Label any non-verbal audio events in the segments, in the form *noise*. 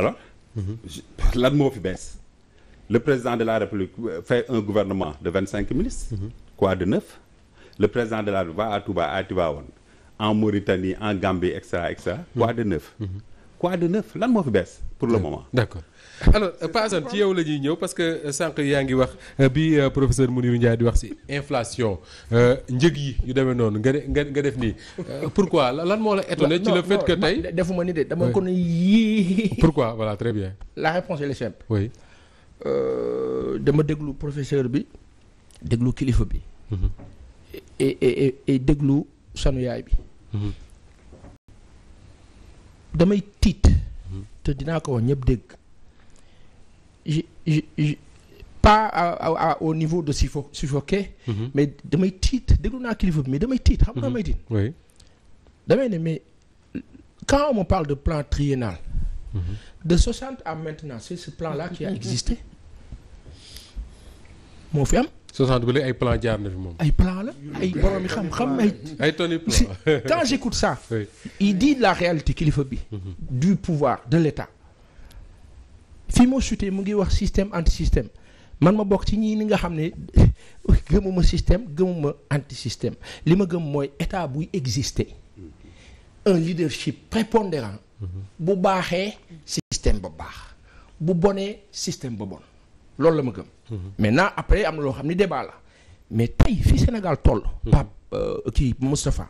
alors *laughs* lan moo fi bees le président de la république euh, fait un gouvernement de vingt cinq ministres mhm. quoi de neuf le président de la va a Touba à Tivaouane en Mauritanie en Gambie et cetera et cetera mhm. quoi de neuf mhm. quoi lan moo fi bees pour le moment. d'accord alors euh, Pa ci yow la ñuy ñëw parce que euh, sànq yaa ngi wax euh, bi professeur Mounirou Ndiaye di wax ci inflation njëg yi yu demee noonu nga nga nga def nii pour quoi lan moo la étonné. ci le fait que tey defuma ni de dama ko yii. pourquoi voilà très bien. la réponse elle est simple. dama déglu professeur bi déglu kilifa bi. Mhm. déglu sanu bi. Mhm. damay tiit te dinaa ko wax ñëpp dégg je pas à, à, au niveau de suffo suffoqué mm -hmm. mais damay tiit déglu naa kilifa bi mais damay tiit xam nga damay mhm. tiit damay ne mais quand on me parle de plan triennal mm -hmm. de 60 à maintenant c'est ce plan là qui a existé moo fi am 60 ba léegi ay plan jaar na fi moom. ay plan la ay borom xam-xam ay. ay tonnes plan si quand j'écoute ça. Oui. il la réalité kilifa bi. Mhm. du pouvoir de l'État. fi moo sutee mu ngi wax système anti système man ma bokk ci ñii ni nga xam ne gëmuma système gëmuma anti système li ma gëm mooy état buy exister un leadership prépondérant. Mhm. bu baaxee système ba baax bu bonee système ba bon. loolu la ma mais na après am na loo xam ni débat la mais tey fii Sénégal toll. Pape euh, kii Moustapha.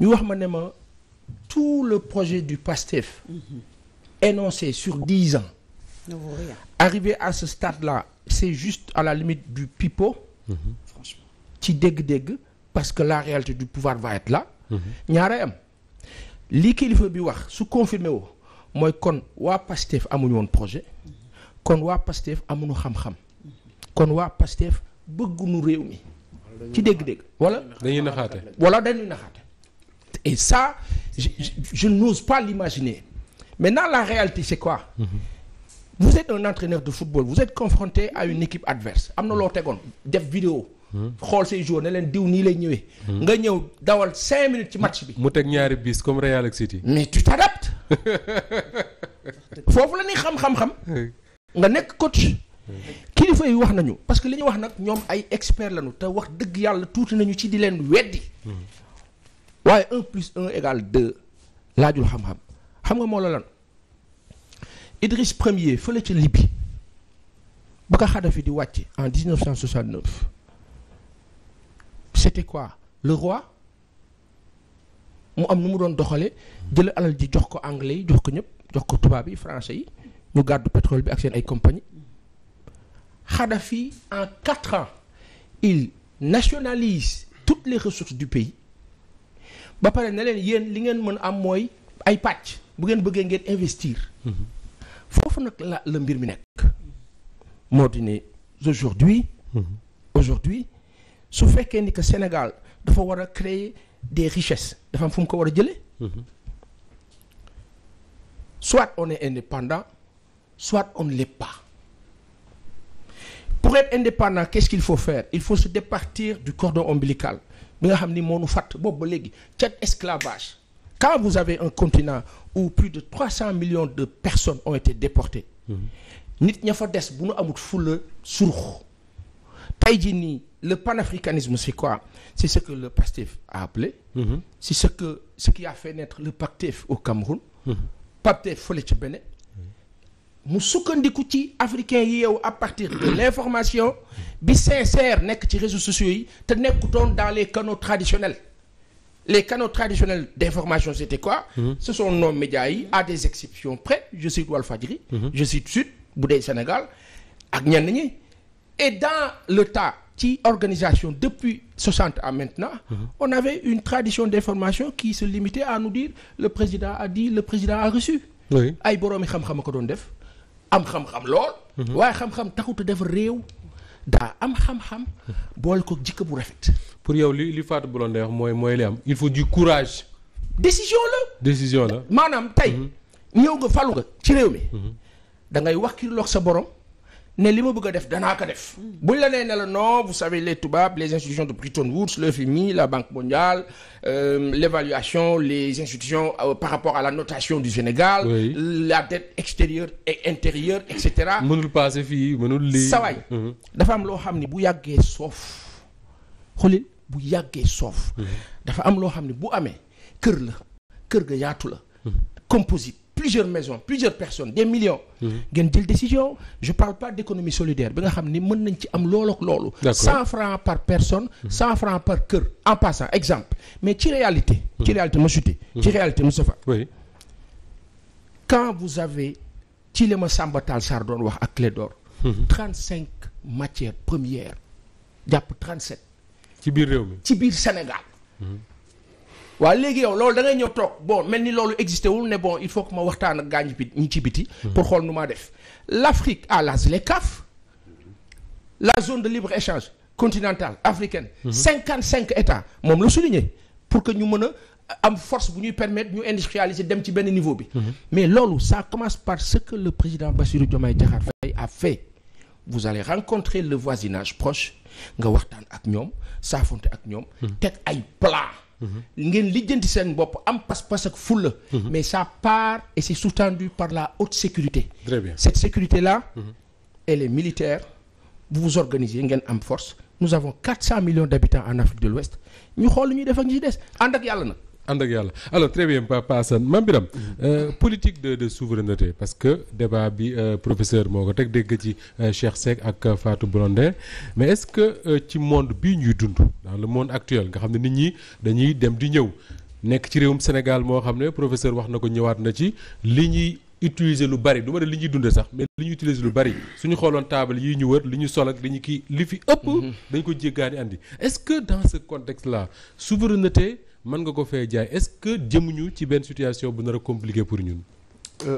ñu wax ma ne ma tout le projet du PASTEF. énoncé sur dix ans. arrivé à ce stade là c'est juste à la limite du pipo ci dégg-dégg parce que la réalité du pouvoir va être là. am li kilifa bi wax su confirmé wo mooy kon waa PASTEF amuñu woon projet. kon waa Pastef amuñu xam-xam kon waa Pastef bëgguñu réew mi ci dégg-dégg wala dañuy naxaate wala dañuy naxaate et ça je, je, je n'ose pas l'imaginer maintenant la réalité c'est quoi mm -hmm. vous êtes un entraîneur de football vous êtes confronté à une équipe adverse am na loo tegoon def vidéo mm-hmm. xool say joueurs ne leen diw nii lay ñëwee mm-hmm. nga ñëw dawal cinq minutes ci match bi mu teg ñaari bis comme Real ak City mais tu t'adaptes *laughs* foofu la ñuy xam-xam-xam *laughs* nga nekk coach. kilifa yi wax nañu parce que li ñu wax nag ñoom ay expert lañu te wax dëgg yàlla tuuti nañu ci di leen weddi. waaye un plus un égale deux laajul xam-xam xam nga moo la lan Idriss premier fële ca Libye ba ka Kadhafi di wàcce en 1969 c'était quoi le roi mu am nu mu doon doxale jël alal ji jox ko anglais yi jox ko ñëpp jox ko tubaab yi français yi. ñu gàddu pétrole bi ak seen ay compagnie Kadhafi en quatre ans il nationalise toutes les ressources du pays ba pare na leen yéen li ngeen mën am mooy ay pàcc bu ngeen bëggee ngeen investir foofu nag la la mbir mi nekk moo di ne aujourd'hui aujourd'hui su fekkee ni que Sénégal dafa war a créer des richesses dafa am fu mu ko war a jëlee soit on est indépendant soit on ne l'est pas. Pour être indépendant, qu'est-ce qu'il faut faire? Il faut se départir du cordon ombilical bi nga xam ni moo nu fàtt boobu ba léegi cet esclavage quand vous avez un continent où plus de 300 millions de personnes ont été déportées nit ña fa des bu nu amut foule surux tey jii nii le panafricanisme c'est quoi c'est ce que le PASTEF a appelé mm -hmm. c'est ce qui a fait naître le PACTEF au Cameroun mm -hmm. PACTEF fële mu sukkandiku ci africain yi yow à partir de l'information bi sincère nekk ci réseaux sociaux yi te nekkutoon dans les canaux traditionnels les canaux traditionnels d'information c'était quoi mmh. ce sont nos média yi à des exceptions près je cite Walfadjri mmh. je cite Sud bu dee Sénégal ak ñenn ñi et dans le tas ci organisation depuis 60 à maintenant mmh. on avait une tradition d'information qui se limitait à nous dire le président a dit le président a reçu ay boroomi xam a ko doon def am xam-xam lool. Mhm. waaye xam-xam taxut a réew. daa am xam-xam. boole ko jikko bu rafet. pour yow li li Fatou Blondin wax mooy mooy li am il faut du courage. décision la. décision la maanaam tey. Mhm. ñëw nga falu nga ci réew mi. Mhm. da ngay wax ki lox sa borom. ne li ma bëgg a def danaa ko def. buñ la nee ne la non vous savez les tubaab les institutions de Bretton Woods le FMI la Banque mondiale euh, l'évaluation les institutions euh, par rapport à la notation du Sénégal. Oui. la dette extérieure et intérieure et cetera. mënul paase fii mënul lii. sawaay mhm. dafa am loo xam ne bu yàggee soof xoolil bu yàggee soof. Mhm. dafa am loo xam ne bu amee kër la kër ga yaatu la. Mhm. composite. plusieurs maisons plusieurs personnes des millions. ngeen jël décision je parle pas d'économie solidaire bi nga xam ni mën nañ ci am loolu ak loolu. cent francs par personne. cent francs par kër en passant exemple mais ci réalité. ci réalité ma chuté. ci réalité Moustapha. oui quand vous avez ci la ma Samba Tall Sarr doon wax ak Clédor. trente cinq matières premières jàpp trente sept. ci biir réew mi ci biir Sénégal. waaw léegi yow loolu da ngay ñëw toog bon mel ni loolu existé wul ne bon il faut que ma waxtaan ak gaañ bi ñi ci biti. Hmm. pour xool nu maa def l'Afrique à la ZLECAf la zone de libre échange continentale africaine. Hmm. cinq états moom lu souligné pour que ñu mën a am force bu ñuy permettre ñu industrialiser dem ci benn niveau bi. Hmm. mais loolu ça commence par ce que le président Bassirou Diomaye Diakhar Faye a fait. vous allez rencontrer le voisinage proche nga waxtaan ak ñoom saafonte ak ñoom. teg ay plat Mm-hmm. ngeen lijjanti seen bopp am pas-pas ak fulla mm-hmm. mais ça part et c'est sous-tendu par la haute sécurité très cette sécurité la mm-hmm. elle est militaire vous vous organisez ngeen am force nous avons quatre cent millions d'habitants en Afrique de l'Ouest ñu xool lu ñuy def ak ñi des ànd ak yàlla na ànd ak yàlla alors très bien Papa Assane Mame Birame euh, politique de de souveraineté parce que débat bi euh, professeur moo ko teg dégg ci euh, Cheikh Seck ak Fatou Blondin mais est-ce que ci monde bii ñuy dund dans le monde actuel nga xam ne nit ñi dañuy dem di ñëw nekk ci réewum Sénégal moo xam ne professeur wax na ko ñëwaat na ci li ñuy utiliser lu bari du ma li ñuy dundee sax mais li ñuy utiliser lu bari suñu xooloon taabal yi ñu wër li ñu sol ak li ñu kii li fi ëpp. Mhm. dañ ko jéggaani andi est-ce que dans ce contexte là souveraineté. mën nga ko fee jaay est-ce que jëmuñu ci benn situation bu nar a pour ñun.